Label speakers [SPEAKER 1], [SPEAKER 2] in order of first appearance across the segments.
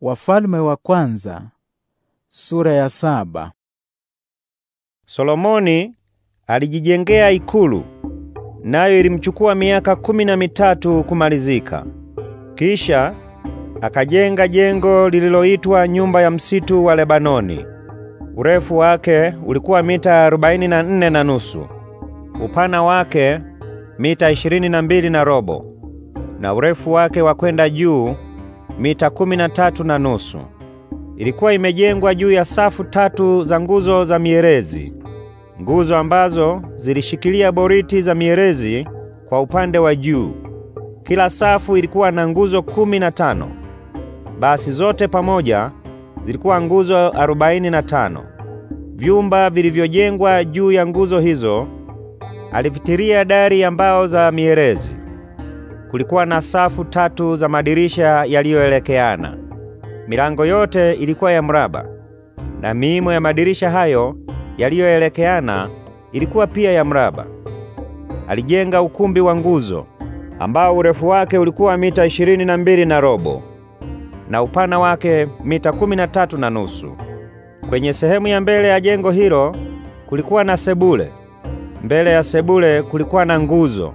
[SPEAKER 1] Wafalme wa kwanza, sura ya saba. Solomoni alijijengea ikulu, nayo ilimchukua miaka kumi na mitatu kumalizika. Kisha akajenga jengo lililoitwa nyumba ya msitu wa Lebanoni. Urefu wake ulikuwa mita arobaini na nne na nusu, upana wake mita ishirini na mbili na robo, na urefu wake wa kwenda juu mita kumi na tatu na nusu. Ilikuwa imejengwa juu ya safu tatu za nguzo za mierezi, nguzo ambazo zilishikilia boriti za mierezi kwa upande wa juu. Kila safu ilikuwa na nguzo kumi na tano. Basi zote pamoja zilikuwa nguzo arobaini na tano. Vyumba vilivyojengwa juu ya nguzo hizo alivitiria dari ya mbao za mierezi. Kulikuwa na safu tatu za madirisha yaliyoelekeana. Milango yote ilikuwa ya mraba, na miimo ya madirisha hayo yaliyoelekeana ilikuwa pia ya mraba. Alijenga ukumbi wa nguzo ambao urefu wake ulikuwa mita ishirini na mbili na robo na upana wake mita kumi na tatu na nusu. Kwenye sehemu ya mbele ya jengo hilo kulikuwa na sebule. Mbele ya sebule kulikuwa na nguzo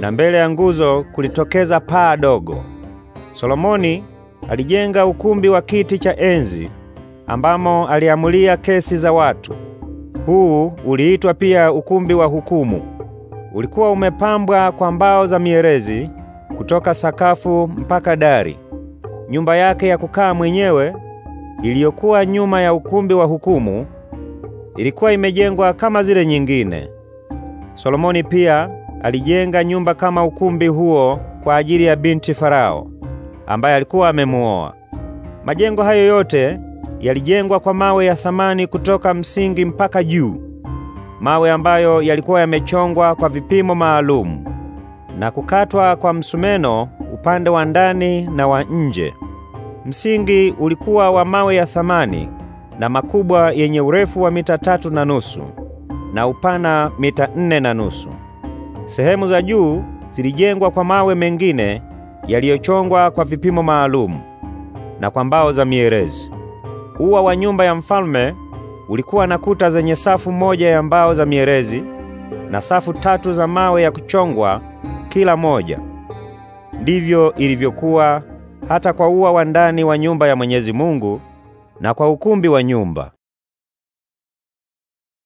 [SPEAKER 1] na mbele ya nguzo kulitokeza paa dogo. Solomoni alijenga ukumbi wa kiti cha enzi ambamo aliamulia kesi za watu. Huu uliitwa pia ukumbi wa hukumu. Ulikuwa umepambwa kwa mbao za mierezi kutoka sakafu mpaka dari. Nyumba yake ya kukaa mwenyewe iliyokuwa nyuma ya ukumbi wa hukumu ilikuwa imejengwa kama zile nyingine. Solomoni pia alijenga nyumba kama ukumbi huo kwa ajili ya binti Farao ambaye alikuwa amemuoa. Majengo hayo yote yalijengwa kwa mawe ya thamani kutoka msingi mpaka juu, mawe ambayo yalikuwa yamechongwa kwa vipimo maalumu na kukatwa kwa msumeno upande wa ndani na wa nje. Msingi ulikuwa wa mawe ya thamani na makubwa yenye urefu wa mita tatu na nusu na upana mita nne na nusu. Sehemu za juu zilijengwa kwa mawe mengine yaliyochongwa kwa vipimo maalumu na kwa mbao za mierezi. Ua wa nyumba ya mfalme ulikuwa na kuta zenye safu moja ya mbao za mierezi na safu tatu za mawe ya kuchongwa kila moja. Ndivyo ilivyokuwa hata kwa ua wa ndani wa nyumba ya Mwenyezi Mungu na kwa ukumbi wa nyumba.